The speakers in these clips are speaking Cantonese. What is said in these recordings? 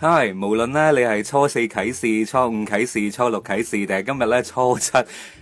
係，Hi, 無論咧你係初四啟示、初五啟示、初六啟示，定係今日咧初七，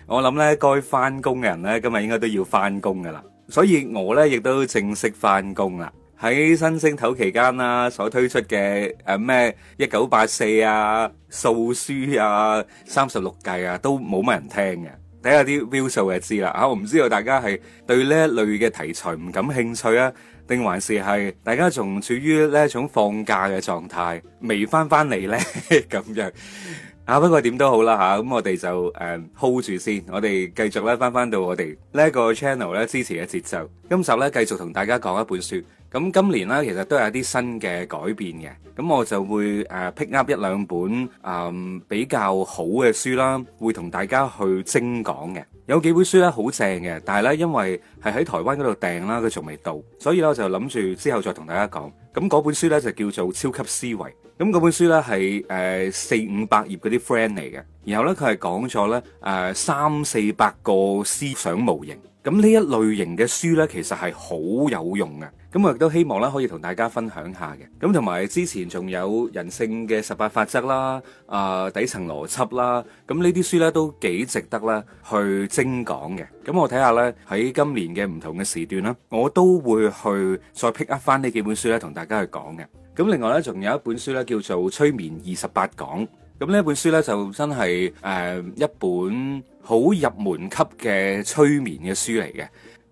我諗咧該翻工嘅人咧今日應該都要翻工噶啦，所以我咧亦都正式翻工啦。喺新星頭期間啦，所推出嘅誒咩一九八四啊、素、啊、書啊、三十六計啊，都冇乜人聽嘅，睇下啲標數就知啦。啊，我唔知道大家係對呢一類嘅題材唔感興趣啊。定還是係大家仲處於呢一種放假嘅狀態，未翻翻嚟呢？咁 咁樣 啊。不過點都好啦吓，咁、啊、我哋就誒、uh, hold 住先，我哋繼續咧翻翻到我哋呢個 channel 咧支持嘅節奏。今集咧繼續同大家講一本書。咁今年咧，其實都有一啲新嘅改變嘅。咁我就會誒 pick up 一兩本誒比較好嘅書啦，會同大家去精講嘅。有幾本書咧好正嘅，但係咧因為係喺台灣嗰度訂啦，佢仲未到，所以咧我就諗住之後再同大家講。咁嗰本書咧就叫做《超級思維》。咁嗰本書咧係誒四五百頁嗰啲 friend 嚟嘅，然後咧佢係講咗咧誒三四百個思想模型。咁呢一類型嘅書咧，其實係好有用嘅。咁我亦都希望咧可以同大家分享下嘅，咁同埋之前仲有人性嘅十八法則啦，啊底層邏輯啦，咁呢啲書咧都幾值得啦去精講嘅。咁我睇下咧喺今年嘅唔同嘅時段啦，我都會去再 pick up 翻呢幾本書咧同大家去講嘅。咁另外咧仲有一本書咧叫做《催眠二十八講》，咁呢一本書咧就真係誒一本好入門級嘅催眠嘅書嚟嘅。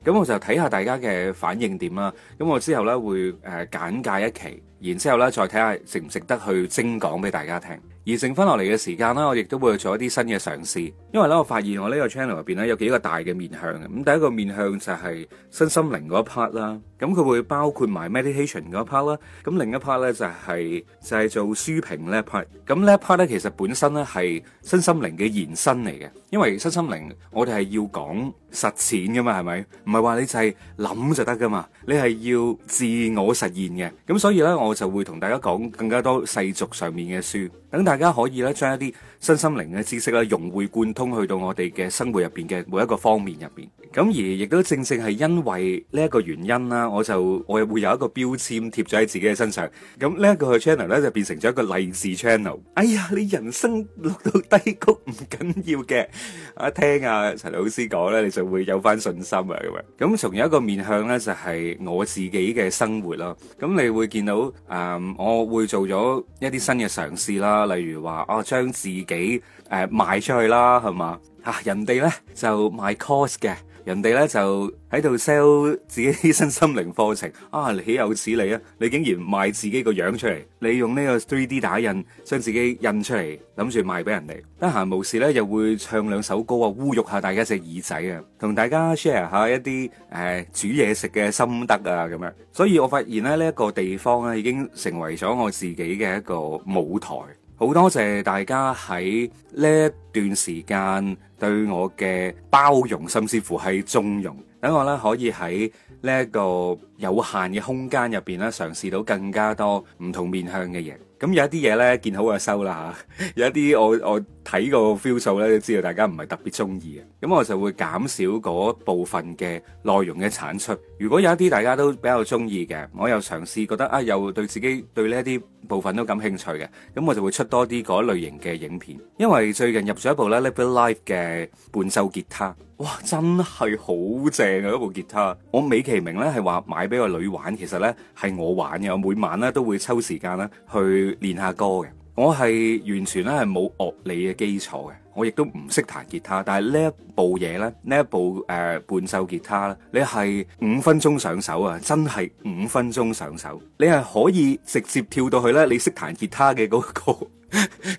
咁我就睇下大家嘅反應點啦，咁我之後呢會誒、呃、簡介一期，然之後呢再睇下值唔值得去精講俾大家聽。而剩翻落嚟嘅時間啦，我亦都會做一啲新嘅嘗試，因為咧，我發現我呢個 channel 入邊咧有幾個大嘅面向嘅。咁第一個面向就係身心靈嗰一 part 啦，咁佢會包括埋 meditation 嗰一 part 啦。咁另一 part 咧就係就係做書評呢一 part。咁呢一 part 咧其實本身咧係身心靈嘅延伸嚟嘅，因為身心靈我哋係要講實踐噶嘛，係咪？唔係話你就係諗就得噶嘛，你係要自我實現嘅。咁所以咧，我就會同大家講更加多世俗上面嘅書，等大大家可以咧將一啲身心靈嘅知識咧融會貫通去到我哋嘅生活入邊嘅每一個方面入邊。咁而亦都正正係因為呢一個原因啦，我就我又會有一個標籤貼咗喺自己嘅身上。咁呢一個 channel 咧就變成咗一個勵志 channel。哎呀，你人生落到低谷唔緊要嘅。啊，聽阿陳老 C 講咧，你就會有翻信心啊，咁樣。咁從另一個面向咧，就係我自己嘅生活啦。咁你會見到啊，我會做咗一啲新嘅嘗試啦，例如～如話哦，將自己誒、呃、賣出去啦，係嘛吓人哋呢就賣 course 嘅，人哋呢就喺度 sell 自己啲身心靈課程啊！豈有此理啊！你竟然賣自己個樣出嚟，你用呢個 three D 打印將自己印出嚟，諗住賣俾人哋。得閒無事呢，又會唱兩首歌啊，侮辱下大家隻耳仔啊，同大家 share 下一啲誒、呃、煮嘢食嘅心得啊，咁樣。所以我發現咧呢一個地方咧已經成為咗我自己嘅一個舞台。好多謝大家喺呢一段時間對我嘅包容，甚至乎係縱容，等我咧可以喺呢一個有限嘅空間入邊咧，嘗試到更加多唔同面向嘅嘢。咁有一啲嘢呢，見好就收啦吓，有一啲我我睇個 feel 數呢都知道大家唔係特別中意嘅，咁我就會減少嗰部分嘅內容嘅產出。如果有一啲大家都比較中意嘅，我又嘗試覺得啊，又對自己對呢一啲部分都感興趣嘅，咁我就會出多啲嗰類型嘅影片。因為最近入咗一部呢 Live Life 嘅伴奏吉他。哇！真係好正啊！嗰部吉他，我美其名呢係話買俾個女玩，其實呢係我玩嘅。我每晚呢都會抽時間呢去練下歌嘅。我係完全呢係冇樂理嘅基礎嘅。我亦都唔識彈吉他，但係呢一部嘢呢，呢一部誒、呃、伴奏吉他呢，你係五分鐘上手啊！真係五分鐘上手，你係可以直接跳到去呢，你識彈吉他嘅嗰、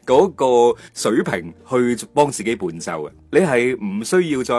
嗰個、 個水平去幫自己伴奏啊。你係唔需要再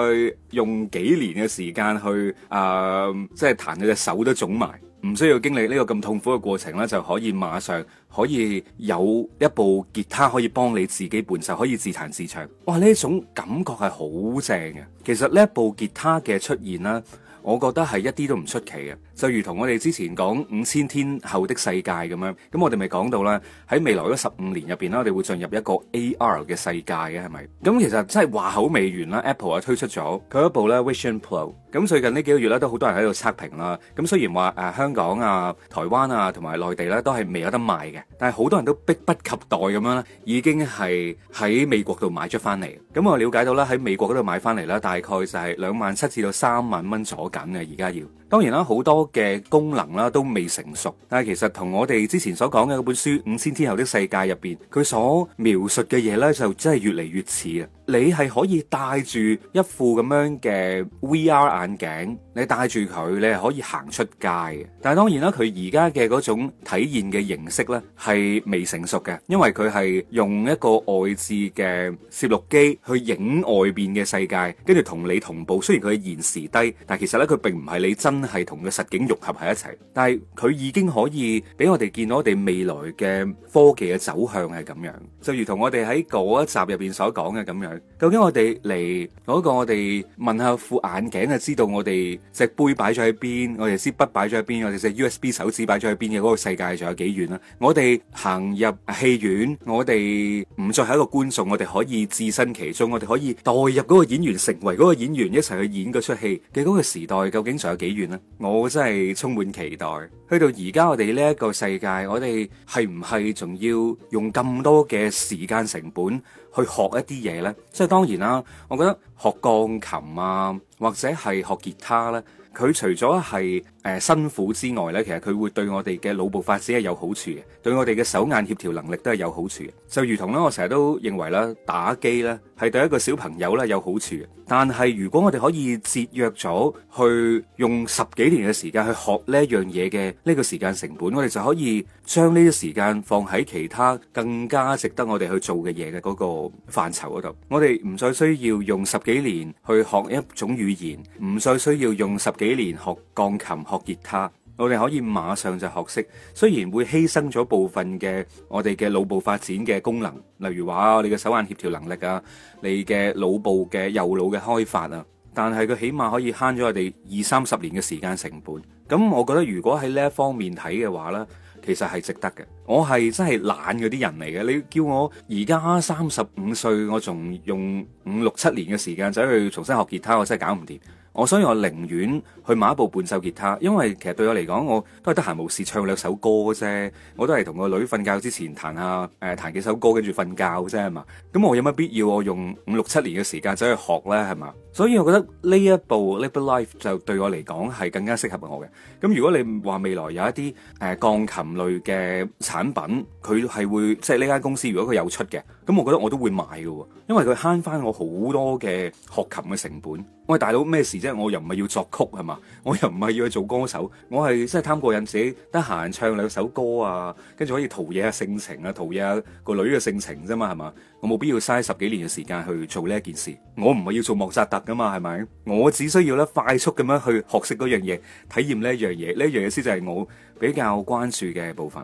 用幾年嘅時間去啊、呃，即係彈到隻手都腫埋。唔需要經歷呢個咁痛苦嘅過程啦，就可以馬上可以有一部吉他可以幫你自己伴奏，可以自彈自唱。哇！呢種感覺係好正嘅。其實呢一部吉他嘅出現啦，我覺得係一啲都唔出奇嘅。就如同我哋之前講五千天後的世界咁樣，咁我哋咪講到啦。喺未來嗰十五年入邊啦，我哋會進入一個 AR 嘅世界嘅，係咪？咁其實真係話口未完啦，Apple 啊推出咗佢一部咧 Vision Pro，咁最近呢幾個月咧都好多人喺度測評啦。咁雖然話誒、呃、香港啊、台灣啊同埋內地咧都係未有得賣嘅，但係好多人都迫不及待咁樣咧，已經係喺美國度買咗翻嚟。咁我了解到啦，喺美國嗰度買翻嚟啦，大概就係兩萬七至到三萬蚊左緊嘅，而家要。當然啦，好多嘅功能啦都未成熟，但係其實同我哋之前所講嘅嗰本書《五千天後的世界》入邊，佢所描述嘅嘢呢，就真係越嚟越似喇！你係可以戴住一副咁樣嘅 VR 眼鏡。你帶住佢，你係可以行出街嘅。但係當然啦，佢而家嘅嗰種體驗嘅形式咧，係未成熟嘅，因為佢係用一個外置嘅攝錄機去影外邊嘅世界，跟住同你同步。雖然佢延時低，但係其實咧，佢並唔係你真係同個實景融合喺一齊。但係佢已經可以俾我哋見到我哋未來嘅科技嘅走向係咁樣。就如同我哋喺嗰一集入邊所講嘅咁樣。究竟我哋嚟嗰個我哋問下副眼鏡啊，知道我哋，隻杯擺咗喺邊，我哋支筆擺咗喺邊，我哋隻 USB 手指擺咗喺邊嘅嗰個世界，仲有幾遠呢？我哋行入戲院，我哋唔再係一個觀眾，我哋可以置身其中，我哋可以代入嗰個演員，成為嗰個演員一齊去演嗰齣戲嘅嗰個時代，究竟仲有幾遠呢？我真係充滿期待。去到而家我哋呢一個世界，我哋係唔係仲要用咁多嘅時間成本？去學一啲嘢呢，即係當然啦、啊。我覺得學鋼琴啊，或者係學吉他呢，佢除咗係誒辛苦之外呢，其實佢會對我哋嘅腦部發展係有好處嘅，對我哋嘅手眼協調能力都係有好處嘅。就如同呢，我成日都認為啦，打機呢係對一個小朋友呢有好處嘅。但係如果我哋可以節約咗去用十幾年嘅時間去學呢樣嘢嘅呢個時間成本，我哋就可以。將呢啲時間放喺其他更加值得我哋去做嘅嘢嘅嗰個範疇嗰度，我哋唔再需要用十幾年去學一種語言，唔再需要用十幾年學鋼琴、學吉他，我哋可以馬上就學識。雖然會犧牲咗部分嘅我哋嘅腦部發展嘅功能，例如話你嘅手眼協調能力啊，你嘅腦部嘅右腦嘅開發啊，但係佢起碼可以慳咗我哋二三十年嘅時間成本。咁我覺得，如果喺呢一方面睇嘅話呢。其實係值得嘅，我係真係懶嗰啲人嚟嘅。你叫我而家三十五歲，我仲用五六七年嘅時間走去重新學吉他，我真係搞唔掂。我所以我寧願去買一部伴奏吉他，因為其實對我嚟講，我都係得閒無事唱兩首歌啫，我都係同個女瞓覺之前彈下誒彈、呃、幾首歌，跟住瞓覺啫嘛。咁我有乜必要我用五六七年嘅時間走去學呢？係嘛？所以我覺得呢一部 Live Life 就對我嚟講係更加適合我嘅。咁如果你話未來有一啲誒鋼琴類嘅產品，佢係會即係呢間公司如果佢有出嘅，咁我覺得我都會買嘅，因為佢慳翻我好多嘅學琴嘅成本。喂，大佬咩事啫？我又唔係要作曲係嘛，我又唔係要去做歌手，我係真係貪過癮，自己得閒唱兩首歌啊，跟住可以陶冶下性情啊，陶冶下個女嘅性情啫嘛，係嘛？我冇必要嘥十幾年嘅時間去做呢一件事。我唔係要做莫扎特噶嘛，係咪？我只需要咧快速咁樣去學識嗰樣嘢，體驗呢一樣嘢，呢一樣嘢先就係我比較關注嘅部分。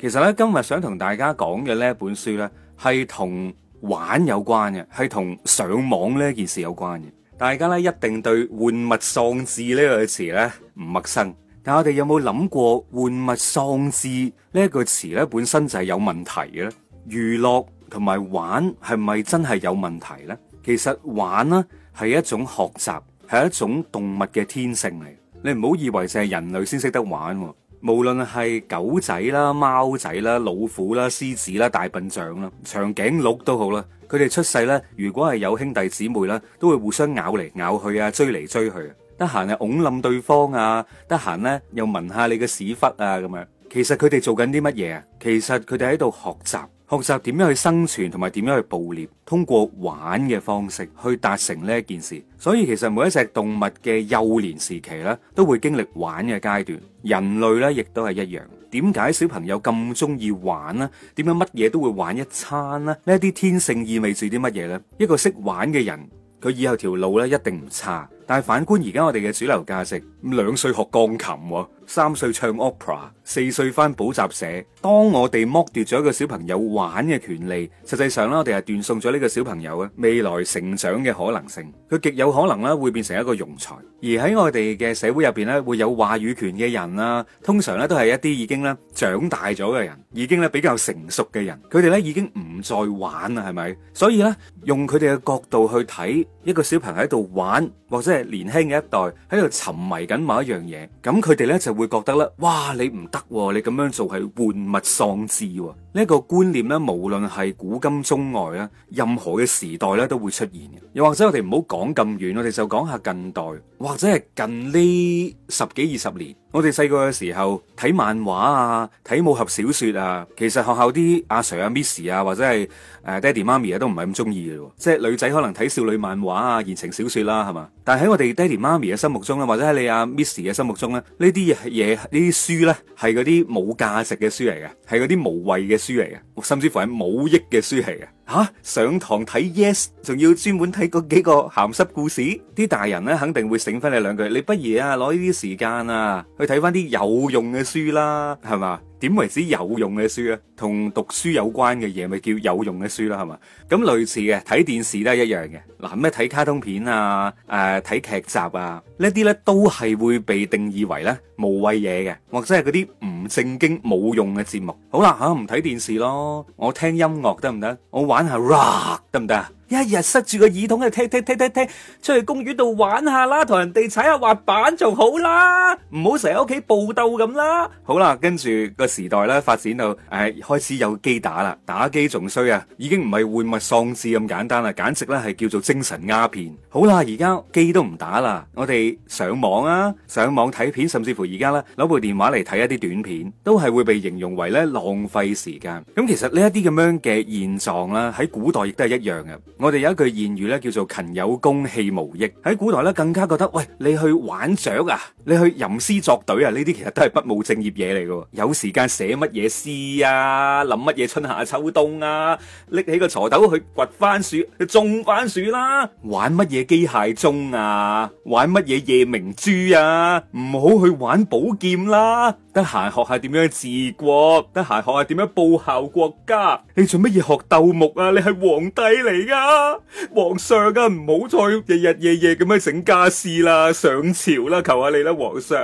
其實咧，今日想同大家講嘅呢一本書咧係同玩有關嘅，係同上網呢一件事有關嘅。大家咧一定對玩物喪志呢個詞咧唔陌生，但係我哋有冇諗過玩物喪志呢一個詞咧本身就係有問題嘅咧？娛樂同埋玩係咪真係有問題呢？其實玩咧係一種學習，係一種動物嘅天性嚟。你唔好以為淨係人類先識得玩。無論係狗仔啦、貓仔啦、老虎啦、獅子啦、大笨象啦、長頸鹿都好啦，佢哋出世呢，如果係有兄弟姊妹啦，都會互相咬嚟咬去啊，追嚟追去，得閒啊擁冧對方啊，得閒呢又聞下你嘅屎忽啊咁樣。其實佢哋做緊啲乜嘢啊？其實佢哋喺度學習。學習點樣去生存同埋點樣去捕獵，通過玩嘅方式去達成呢一件事。所以其實每一隻動物嘅幼年時期咧，都會經歷玩嘅階段。人類咧亦都係一樣。點解小朋友咁中意玩呢？點解乜嘢都會玩一餐呢？呢一啲天性意味住啲乜嘢咧？一個識玩嘅人，佢以後條路咧一定唔差。但係反觀而家我哋嘅主流價值，兩歲學鋼琴喎。三歲唱 opera，四歲返補習社。當我哋剝奪咗一個小朋友玩嘅權利，實際上咧我哋係斷送咗呢個小朋友咧未來成長嘅可能性。佢極有可能咧會變成一個庸才。而喺我哋嘅社會入邊咧，會有話語權嘅人啊，通常咧都係一啲已經咧長大咗嘅人，已經咧比較成熟嘅人。佢哋咧已經唔再玩啦，係咪？所以呢，用佢哋嘅角度去睇一個小朋友喺度玩，或者係年輕嘅一代喺度沉迷緊某一樣嘢，咁佢哋呢就。會覺得咧，哇！你唔得啊，你咁樣做係玩物喪志啊。呢個觀念咧，無論係古今中外啊，任何嘅時代咧都會出現嘅。又或者我哋唔好講咁遠，我哋就講下近代，或者係近呢十幾二十年。我哋細個嘅時候睇漫畫啊，睇武俠小說啊，其實學校啲阿 Sir 啊、Miss 啊，或者係誒爹哋媽咪啊，都唔係咁中意嘅，即係女仔可能睇少女漫畫啊、言情小說啦，係嘛？但係喺我哋爹哋媽咪嘅心目中咧，或者喺你阿 Miss 嘅心目中咧，呢啲嘢呢啲書咧，係嗰啲冇價值嘅書嚟嘅，係嗰啲無謂嘅書嚟嘅。甚至乎係冇益嘅書嚟嘅，吓、啊、上堂睇 Yes，仲要專門睇嗰幾個鹹濕故事，啲大人咧肯定會醒翻你兩句，你不如啊攞呢啲時間啊去睇翻啲有用嘅書啦，係嘛？點為之有用嘅書啊？同讀書有關嘅嘢咪叫有用嘅書啦，係嘛？咁類似嘅睇電視都係一樣嘅。嗱，咩睇卡通片啊？誒、呃、睇劇集啊？呢啲呢都係會被定義為呢無謂嘢嘅，或者係嗰啲唔正經冇用嘅節目。好啦，嚇，唔睇電視咯，我聽音樂得唔得？我玩下 rock 得唔得？啊、行行一日塞住個耳筒去聽聽聽聽聽，出去公園度玩下啦，同人哋踩下滑板就好啦，唔好成日喺屋企暴鬥咁啦。好啦，跟住個時代呢發展到誒。哎開始有機打啦，打機仲衰啊，已經唔係玩物喪志咁簡單啦，簡直咧係叫做精神鴉片。好啦，而家機都唔打啦，我哋上網啊，上網睇片，甚至乎而家咧攞部電話嚟睇一啲短片，都係會被形容為咧浪費時間。咁其實呢一啲咁樣嘅現狀啦，喺古代亦都係一樣噶。我哋有一句諺語咧，叫做勤有功，戲無益。喺古代咧，更加覺得喂，你去玩雀啊，你去吟詩作對啊，呢啲其實都係不務正業嘢嚟噶，有時間寫乜嘢詩啊？啊！諗乜嘢春夏秋冬啊？拎起個鋤頭去掘番薯，去種番薯啦！玩乜嘢機械鐘啊？玩乜嘢夜明珠啊？唔好去玩寶劍啦！得閒學下點樣治國，得閒學下點樣報效國家。你做乜嘢學鬥木啊？你係皇帝嚟㗎，皇上啊！唔好再日日夜夜咁樣整家私啦，上朝啦，求下你啦，皇上。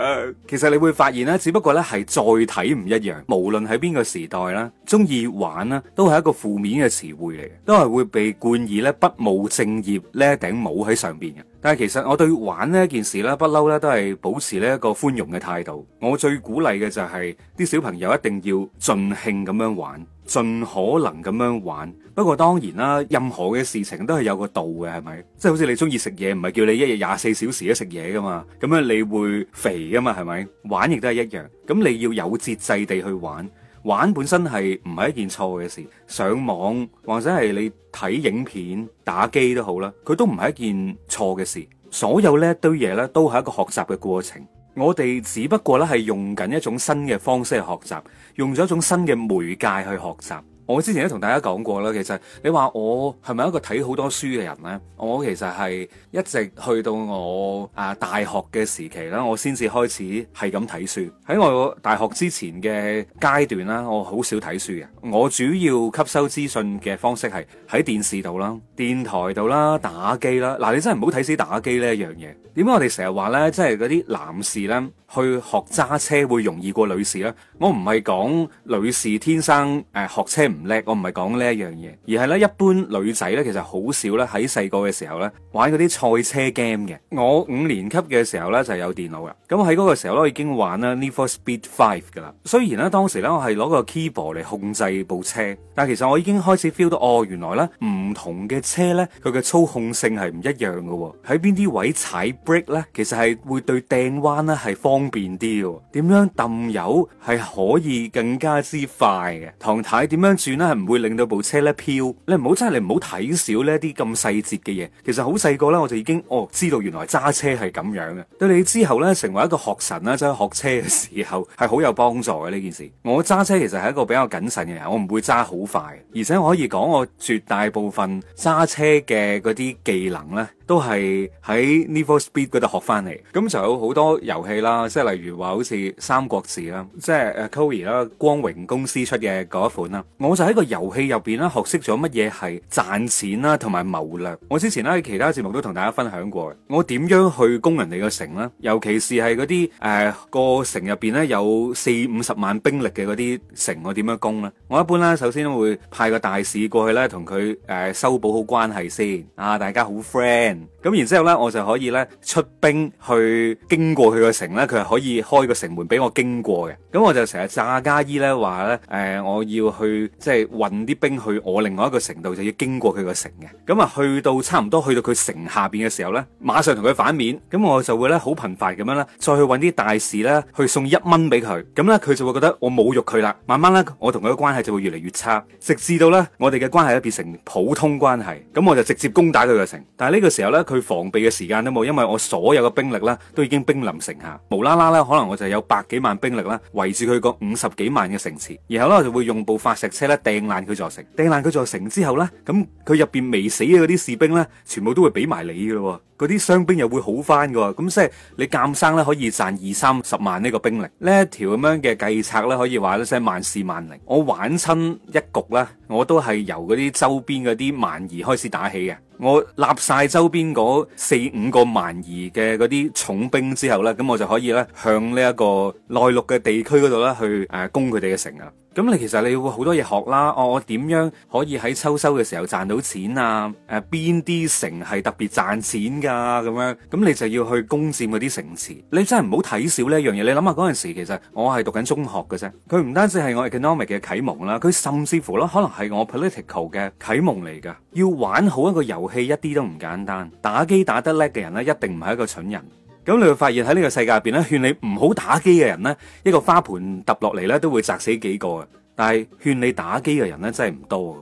其實你會發現咧，只不過咧係載體唔一樣，無論喺邊個時代啦。中意玩咧，都係一個負面嘅詞彙嚟嘅，都係會被冠以咧不務正業呢一頂帽喺上邊嘅。但係其實我對玩呢件事咧，不嬲咧都係保持呢一個寬容嘅態度。我最鼓勵嘅就係、是、啲小朋友一定要盡興咁樣玩，盡可能咁樣玩。不過當然啦，任何嘅事情都係有個度嘅，係咪？即係好似你中意食嘢，唔係叫你一日廿四小時都食嘢噶嘛？咁樣你會肥噶嘛？係咪？玩亦都係一樣，咁你要有節制地去玩。玩本身係唔係一件錯嘅事，上網或者係你睇影片、打機都好啦，佢都唔係一件錯嘅事。所有呢一堆嘢呢，都係一個學習嘅過程。我哋只不過呢係用緊一種新嘅方式去學習，用咗一種新嘅媒介去學習。我之前都同大家講過啦，其實你話我係咪一個睇好多書嘅人呢？我其實係一直去到我啊大學嘅時期啦，我先至開始係咁睇書。喺我大學之前嘅階段啦，我好少睇書嘅。我主要吸收資訊嘅方式係喺電視度啦、電台度啦、打機啦。嗱，你真係唔好睇死打機呢一樣嘢。點解我哋成日話呢？即係嗰啲男士呢，去學揸車會容易過女士呢？我唔係講女士天生誒、呃、學車唔叻，我唔係講呢一樣嘢，而係呢，一般女仔呢，其實好少呢喺細個嘅時候呢，玩嗰啲賽車 game 嘅。我五年級嘅時候呢就係、有電腦噶，咁喺嗰個時候呢已經玩啦 Need for Speed Five 噶啦。雖然呢當時呢我係攞個 keyboard 嚟控制部車，但其實我已經開始 feel 到哦，原來呢唔同嘅車呢，佢嘅操控性係唔一樣噶喎、哦，喺邊啲位踩。break 咧，ke, 其實係會對掟彎咧係方便啲。點樣抌油係可以更加之快嘅。唐太點樣轉呢？係唔會令到部車咧飄。你唔好真係你唔好睇少呢啲咁細節嘅嘢。其實好細個呢，我就已經哦知道原來揸車係咁樣嘅。對你之後呢，成為一個學神啦，即係學車嘅時候係好有幫助嘅呢件事。我揸車其實係一個比較謹慎嘅人，我唔會揸好快，而且我可以講我絕大部分揸車嘅嗰啲技能呢。都係喺《Need for Speed》嗰度學翻嚟，咁就有好多遊戲啦，即係例如話好似《三國志》啦，即係誒《Koei》啦，光榮公司出嘅嗰一款啦。我就喺個遊戲入邊啦，學識咗乜嘢係賺錢啦，同埋謀略。我之前咧喺其他節目都同大家分享過，我點樣去攻人哋個城啦？尤其是係嗰啲誒個城入邊咧有四五十萬兵力嘅嗰啲城，我點樣攻呢？我一般咧首先會派個大使過去咧，同佢誒修補好關係先，啊大家好 friend。咁然之後呢，我就可以呢出兵去經過佢個城呢，佢係可以開個城門俾我經過嘅。咁我就成日詐假意呢話呢，誒、呃，我要去即係運啲兵去我另外一個城度，就要經過佢個城嘅。咁啊，去到差唔多去到佢城下邊嘅時候呢，馬上同佢反面，咁我就會呢好頻繁咁樣呢，再去搵啲大事呢去送一蚊俾佢，咁呢，佢就會覺得我侮辱佢啦。慢慢呢，我同佢嘅關係就會越嚟越差，直至到呢，我哋嘅關係咧變成普通關係，咁我就直接攻打佢個城。但係呢個時候。佢防備嘅時間都冇，因為我所有嘅兵力咧都已經兵臨城下，無啦啦咧可能我就有百幾萬兵力咧圍住佢個五十幾萬嘅城池，然後咧我就會用部發石車咧掟爛佢座城，掟爛佢座城之後咧，咁佢入邊未死嘅嗰啲士兵咧，全部都會俾埋你噶咯。嗰啲傷兵又會好翻嘅，咁即係你鑑生咧可以賺二三十萬呢個兵力，呢一條咁樣嘅計策咧可以話得即係萬事萬靈。我玩親一局咧，我都係由嗰啲周邊嗰啲蠻夷開始打起嘅。我立晒周邊嗰四五個蠻夷嘅嗰啲重兵之後咧，咁我就可以咧向呢一個內陸嘅地區嗰度咧去誒攻佢哋嘅城啊！咁你其實你會好多嘢學啦，哦，我點樣可以喺秋收嘅時候賺到錢啊？誒、呃，邊啲城係特別賺錢噶、啊？咁樣，咁你就要去攻佔嗰啲城池。你真係唔好睇少呢一樣嘢。你諗下嗰陣時，其實我係讀緊中學嘅啫。佢唔單止係我 economic 嘅啟蒙啦，佢甚至乎咧，可能係我 political 嘅啟蒙嚟噶。要玩好一個遊戲一啲都唔簡單，打機打得叻嘅人咧，一定唔係一個蠢人。咁你會發現喺呢個世界入邊咧，勸你唔好打機嘅人咧，一個花盆揼落嚟咧，都會砸死幾個嘅。但係勸你打機嘅人咧，真係唔多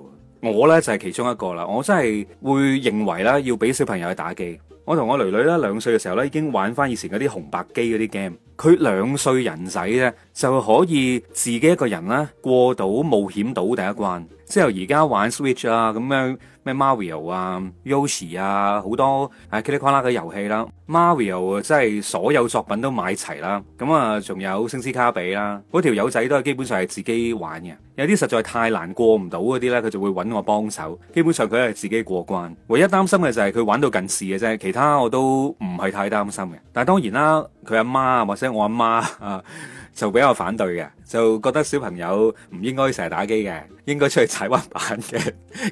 嘅。我咧就係、是、其中一個啦。我真係會認為啦，要俾小朋友去打機。我同我女女咧兩歲嘅時候咧，已經玩翻以前嗰啲紅白機嗰啲 game。佢兩歲人仔咧，就可以自己一個人咧過到冒險島第一關。之後而家玩 Switch 啊，咁樣咩 Mario 啊、Yoshi 啊，好多誒奇咧怪啦嘅遊戲啦。Mario 啊，即係所有作品都買齊啦。咁啊，仲有《星之卡比》啦。嗰條友仔都係基本上係自己玩嘅。有啲實在太難過唔到嗰啲呢，佢就會揾我幫手。基本上佢係自己過關，唯一擔心嘅就係佢玩到近視嘅啫。其他我都唔係太擔心嘅。但係當然啦，佢阿媽或者我阿媽啊， 就比較反對嘅。就覺得小朋友唔應該成日打機嘅，應該出去踩滑板嘅。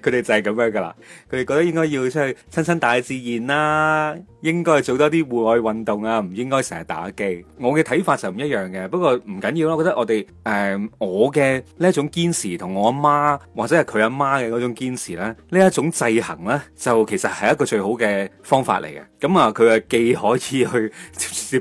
佢 哋就係咁樣噶啦。佢哋覺得應該要出去親親大自然啦、啊，應該做多啲戶外運動啊，唔應該成日打機。我嘅睇法就唔一樣嘅，不過唔緊要啦。我覺得我哋誒、呃、我嘅呢一種堅持同我媽或者係佢阿媽嘅嗰種堅持咧，呢一種制衡咧，就其實係一個最好嘅方法嚟嘅。咁啊，佢啊既可以去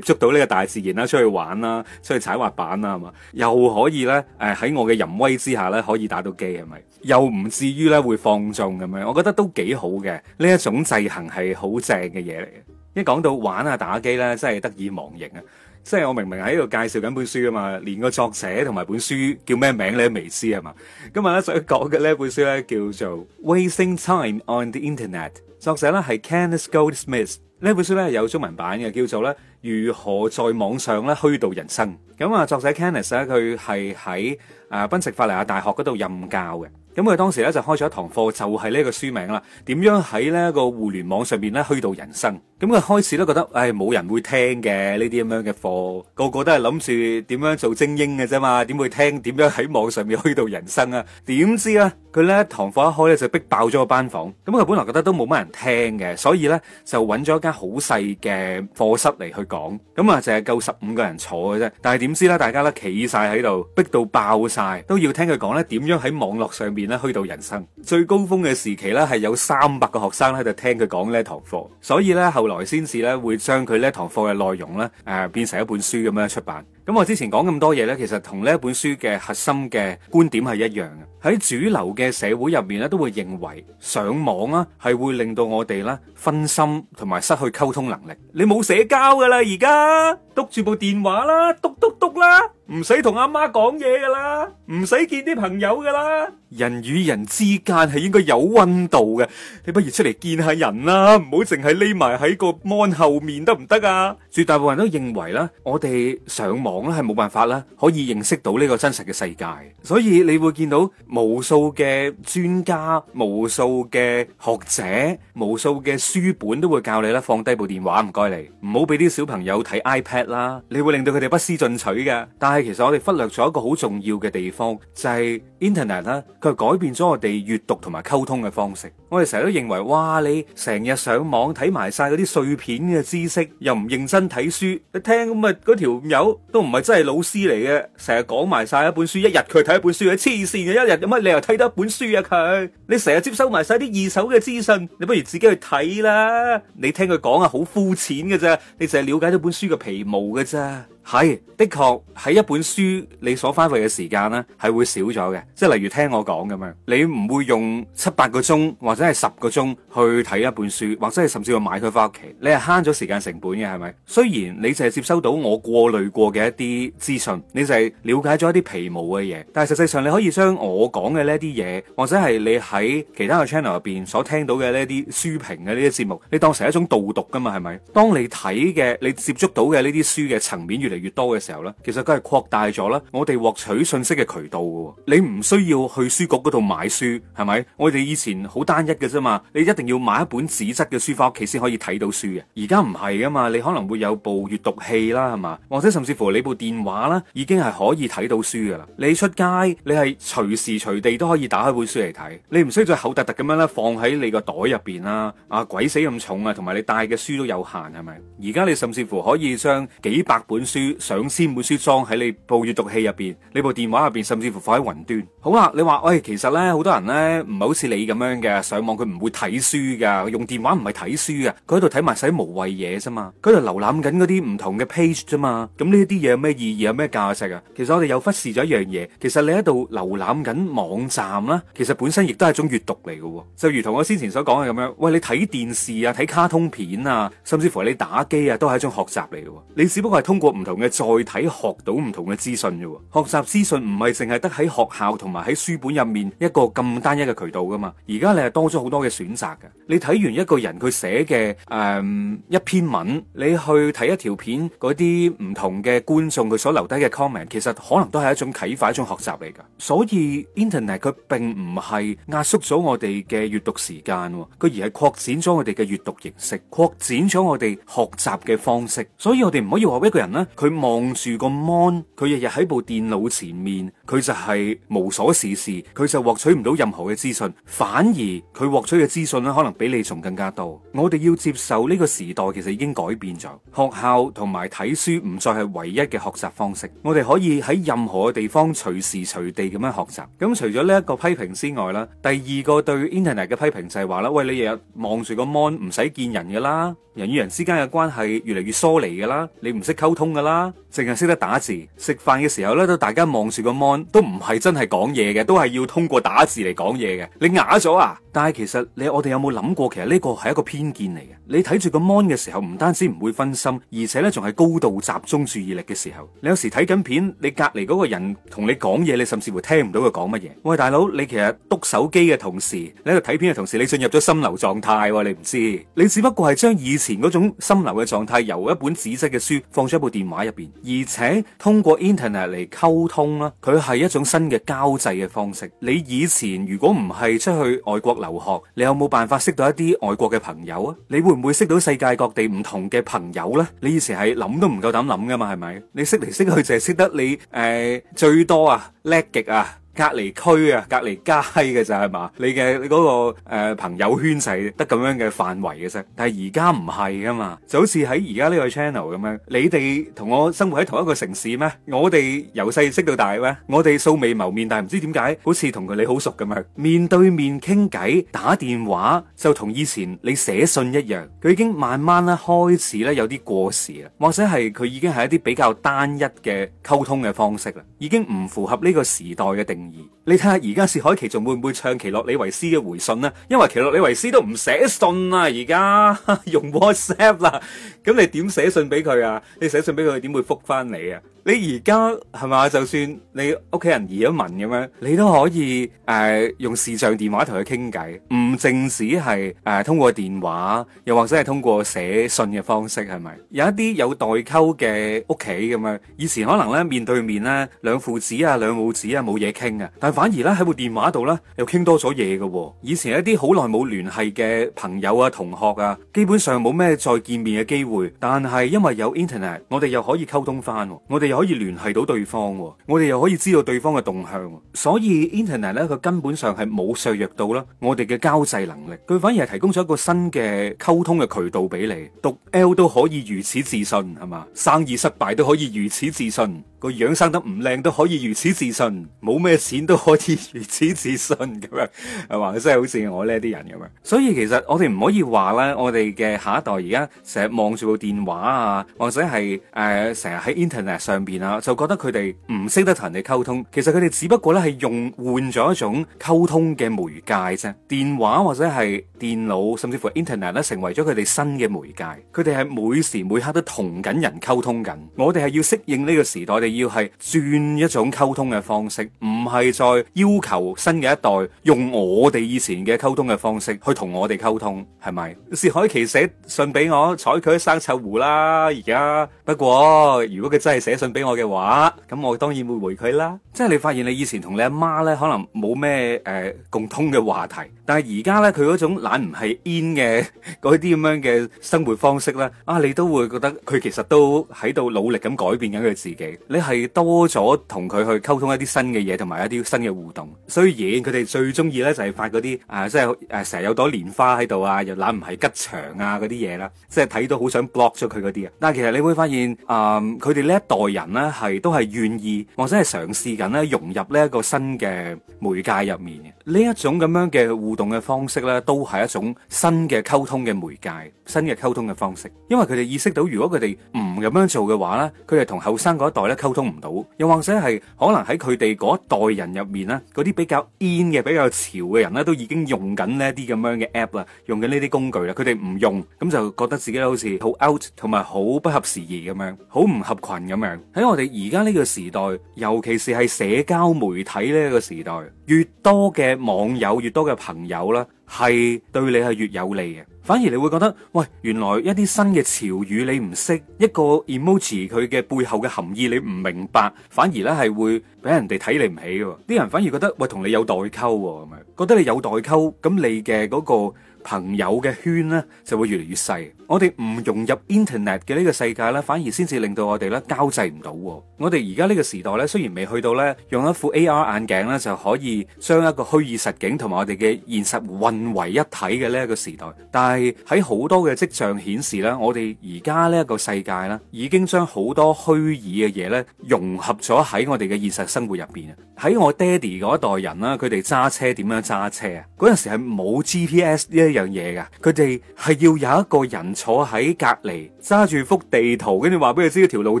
接觸到呢個大自然啦，出去玩啦，出去踩滑板啦，係嘛，又～可以咧，誒喺我嘅淫威之下咧，可以打到機係咪？又唔至於咧會放縱咁樣，我覺得都幾好嘅。呢一種制衡係好正嘅嘢嚟嘅。一講到玩啊打機咧，真係得意忘形啊！即係我明明喺度介紹緊本書啊嘛，連個作者同埋本書叫咩名你都未知啊嘛。今日咧想講嘅呢一本書咧叫做《Wasting Time on the Internet》，作者咧係 Kenneth Goldsmith。呢一本書咧有中文版嘅，叫做咧《如何在網上咧虛度人生》。咁啊，作者 Kenneth 咧佢係喺啊賓夕法尼亞大學嗰度任教嘅。咁佢當時咧就開咗一堂課，就係呢個書名啦。點樣喺呢個互聯網上邊咧虛度人生？咁佢開始都覺得，唉，冇人會聽嘅呢啲咁樣嘅課。個個都係諗住點樣做精英嘅啫嘛，點會聽點樣喺網上面虛度人生啊？點知咧佢呢堂課一開咧就逼爆咗個班房。咁佢本來覺得都冇乜人聽嘅，所以咧就揾咗一間好細嘅課室嚟去講。咁啊，就係夠十五個人坐嘅啫。但係點知咧，大家咧企晒喺度，逼到爆晒，都要聽佢講咧點樣喺網絡上邊咧虛度人生。最高峰嘅時期咧，係有三百個學生咧喺度聽佢講呢一堂課。所以咧，後來先至咧會將佢呢一堂課嘅內容咧誒變成一。本書咁樣出版，咁、嗯、我之前講咁多嘢呢，其實同呢本書嘅核心嘅觀點係一樣嘅。喺主流嘅社會入面咧，都會認為上網啊係會令到我哋啦分心同埋失去溝通能力，你冇社交噶啦，而家督住部電話啦，督督督啦。唔使同阿媽講嘢噶啦，唔使見啲朋友噶啦。人與人之間係應該有温度嘅，你不如出嚟見下人啦，唔好淨係匿埋喺個 mon 後面得唔得啊？絕大部分人都認為啦，我哋上網咧係冇辦法啦，可以認識到呢個真實嘅世界。所以你會見到無數嘅專家、無數嘅學者、無數嘅書本都會教你啦，放低部電話，唔該你，唔好俾啲小朋友睇 iPad 啦，你會令到佢哋不思進取嘅，但係。其實我哋忽略咗一個好重要嘅地方，就係 internet 啦。佢改變咗我哋閱讀同埋溝通嘅方式。我哋成日都認為，哇！你成日上網睇埋晒嗰啲碎片嘅知識，又唔認真睇書，你聽咁啊，嗰條友都唔係真係老師嚟嘅，成日講埋晒一本書，一日佢睇一本書，黐線嘅！一日有乜你又睇得一本書啊？佢，你成日接收埋晒啲二手嘅資訊，你不如自己去睇啦。你聽佢講啊，好膚淺嘅啫，你淨係了解咗本書嘅皮毛嘅啫。係，的確喺一本書你所花費嘅時間呢係會少咗嘅，即係例如聽我講咁樣，你唔會用七八個鐘或者係十個鐘去睇一本書，或者係甚至乎買佢翻屋企，你係慳咗時間成本嘅，係咪？雖然你就係接收到我過濾過嘅一啲資訊，你就係了解咗一啲皮毛嘅嘢，但係實際上你可以將我講嘅呢啲嘢，或者係你喺其他嘅 channel 入邊所聽到嘅呢啲書評嘅呢啲節目，你當成一種導讀㗎嘛，係咪？當你睇嘅你接觸到嘅呢啲書嘅層面越嚟越多嘅時候呢，其實佢係擴大咗啦。我哋獲取信息嘅渠道，你唔需要去書局嗰度買書，係咪？我哋以前好單一嘅啫嘛，你一定要買一本紙質嘅書翻屋企先可以睇到書嘅。而家唔係啊嘛，你可能會有部閱讀器啦，係嘛，或者甚至乎你部電話啦，已經係可以睇到書噶啦。你出街，你係隨時隨地都可以打開本書嚟睇，你唔需要再厚突突咁樣咧放喺你個袋入邊啦，啊鬼死咁重啊，同埋你帶嘅書都有限，係咪？而家你甚至乎可以將幾百本書。上千本書裝喺你部閱讀器入邊，你部電話入邊，甚至乎放喺雲端。好啦、啊，你話，喂，其實呢，好多人呢唔係好似你咁樣嘅，上網佢唔會睇書噶，用電話唔係睇書噶，佢喺度睇埋使無謂嘢啫嘛，佢喺度瀏覽緊嗰啲唔同嘅 page 啫嘛。咁呢啲嘢有咩意義，有咩價值啊？其實我哋又忽視咗一樣嘢，其實你喺度瀏覽緊網站啦，其實本身亦都係一種閱讀嚟噶。就如同我先前所講嘅咁樣，喂，你睇電視啊，睇卡通片啊，甚至乎你打機啊，都係一種學習嚟噶。你只不過係通過唔同。再睇，學到唔同嘅資訊啫，學習資訊唔係淨係得喺學校同埋喺書本入面一個咁單一嘅渠道噶嘛。而家你係多咗好多嘅選擇噶。你睇完一個人佢寫嘅誒一篇文，你去睇一條片嗰啲唔同嘅觀眾佢所留低嘅 comment，其實可能都係一種啟發、一種學習嚟噶。所以 internet 佢並唔係壓縮咗我哋嘅閱讀時間，佢而係擴展咗我哋嘅閱讀形式，擴展咗我哋學習嘅方式。所以我哋唔可以話一個人咧，佢望住個 mon，佢日日喺部電腦前面，佢就係無所事事，佢就獲取唔到任何嘅資訊，反而佢獲取嘅資訊咧，可能比你仲更加多。我哋要接受呢個時代，其實已經改變咗，學校同埋睇書唔再係唯一嘅學習方式，我哋可以喺任何嘅地方隨時隨地咁樣學習。咁除咗呢一個批評之外啦，第二個對 internet 嘅批評就係話啦，喂，你日日望住個 mon，唔使見人㗎啦。人與人之間嘅關係越嚟越疏離㗎啦，你唔識溝通㗎啦。淨係識得打字，食飯嘅時候咧都大家望住個 mon，都唔係真係講嘢嘅，都係要通過打字嚟講嘢嘅。你啞咗啊？但係其實你我哋有冇諗過，其實呢個係一個偏見嚟嘅。你睇住個 mon 嘅時候，唔單止唔會分心，而且呢，仲係高度集中注意力嘅時候。你有時睇緊片，你隔籬嗰個人同你講嘢，你甚至乎聽唔到佢講乜嘢。喂，大佬，你其實篤手機嘅同時，你喺度睇片嘅同時，你進入咗心流狀態啊，你唔知，你只不過係將以前嗰種心流嘅狀態，由一本紙質嘅書放咗一部電話入邊。而且通過 Internet 嚟溝通啦，佢係一種新嘅交際嘅方式。你以前如果唔係出去外國留學，你有冇辦法識到一啲外國嘅朋友啊？你會唔會識到世界各地唔同嘅朋友呢？你以前係諗都唔夠膽諗㗎嘛，係咪？你識嚟識去就係識得你誒、呃、最多啊，叻極啊！隔離區啊，隔離街嘅咋係嘛？你嘅你嗰、嗰個、呃、朋友圈就係得咁樣嘅範圍嘅啫。但係而家唔係噶嘛，就好似喺而家呢個 channel 咁樣，你哋同我生活喺同一個城市咩？我哋由細識到大咩？我哋素未謀面，但係唔知點解好似同佢你好熟咁樣，面對面傾偈、打電話，就同以前你寫信一樣。佢已經慢慢咧開始咧有啲過時啦，或者係佢已經係一啲比較單一嘅溝通嘅方式啦，已經唔符合呢個時代嘅定。你睇下而家薛凱琪仲會唔會唱奇洛李維斯嘅回信呢？因為奇洛李維斯都唔寫信啊，而家用 WhatsApp 啦，咁你點寫信俾佢啊？你寫信俾佢，佢點會覆返你啊？你而家係嘛？就算你屋企人移咗民咁樣，你都可以誒、呃、用視像電話同佢傾偈，唔淨止係誒通過電話，又或者係通過寫信嘅方式，係咪？有一啲有代溝嘅屋企咁樣，以前可能咧面對面咧，兩父子啊，兩母子啊，冇嘢傾啊，但反而咧喺部電話度咧又傾多咗嘢嘅。以前一啲好耐冇聯繫嘅朋友啊同學啊，基本上冇咩再見面嘅機會，但係因為有 Internet，我哋又可以溝通返，我哋又～可以聯繫到對方，我哋又可以知道對方嘅動向，所以 Internet 咧，佢根本上係冇削弱到啦我哋嘅交際能力。佢反而係提供咗一個新嘅溝通嘅渠道俾你。讀 L 都可以如此自信，係嘛？生意失敗都可以如此自信。個樣生得唔靚都可以如此自信，冇咩錢都可以如此自信咁樣，係話，真係好似我呢啲人咁樣。所以其實我哋唔可以話咧，我哋嘅下一代而家成日望住部電話啊，或者係誒成日喺 internet 上邊啊，就覺得佢哋唔識得同人哋溝通。其實佢哋只不過咧係用換咗一種溝通嘅媒介啫，電話或者係電腦，甚至乎 internet 咧成為咗佢哋新嘅媒介。佢哋係每時每刻都同緊人溝通緊。我哋係要適應呢個時代。你要係轉一種溝通嘅方式，唔係再要求新嘅一代用我哋以前嘅溝通嘅方式去同我哋溝通，係咪？薛 凱琪寫信俾我，睬佢生臭狐啦！而家不過，如果佢真係寫信俾我嘅話，咁我當然會回佢啦。即係 你發現你以前同你阿媽呢，可能冇咩誒共通嘅話題。但係而家咧，佢嗰種懶唔係 In 嘅嗰啲咁樣嘅生活方式啦，啊，你都會覺得佢其實都喺度努力咁改變緊佢自己。你係多咗同佢去溝通一啲新嘅嘢，同埋一啲新嘅互動。雖然佢哋最中意咧就係、是、發嗰啲啊，即係誒成日有朵蓮花喺度啊，又懶唔係吉祥啊嗰啲嘢啦，即係睇到好想 block 咗佢嗰啲啊。但係其實你會發現啊，佢哋呢一代人咧係都係願意或者係嘗試緊咧融入呢一個新嘅媒介入面，嘅呢一種咁樣嘅互動嘅方式咧，都係一種新嘅溝通嘅媒介，新嘅溝通嘅方式。因為佢哋意識到，如果佢哋唔咁樣做嘅話呢，佢哋同後生嗰一代咧溝通唔到，又或者係可能喺佢哋嗰一代人入面，呢嗰啲比較 in 嘅、比較潮嘅人呢，都已經用緊呢啲咁樣嘅 app 啦，用緊呢啲工具啦，佢哋唔用咁就覺得自己好似好 out，同埋好不合時宜咁樣，好唔合群咁樣。喺我哋而家呢個時代，尤其是係社交媒體呢一個時代。越多嘅網友，越多嘅朋友呢，係對你係越有利嘅。反而你會覺得，喂，原來一啲新嘅潮語你唔識，一個 emoji 佢嘅背後嘅含義你唔明白，反而呢係會俾人哋睇你唔起嘅。啲人反而覺得，喂，同你有代溝，覺得你有代溝，咁你嘅嗰個。朋友嘅圈呢就會越嚟越細，我哋唔融入 Internet 嘅呢個世界呢，反而先至令到我哋呢交際唔到。我哋而家呢個時代呢，雖然未去到呢用一副 AR 眼鏡呢，就可以將一個虛擬實境同埋我哋嘅現實混為一體嘅呢一個時代，但係喺好多嘅跡象顯示呢，我哋而家呢一個世界呢，已經將好多虛擬嘅嘢呢融合咗喺我哋嘅現實生活入邊啊！喺我爹哋嗰一代人啦，佢哋揸車點樣揸車啊？嗰陣時係冇 GPS 呢？樣嘢噶，佢哋係要有一個人坐喺隔籬揸住幅地圖，跟住話俾佢知條路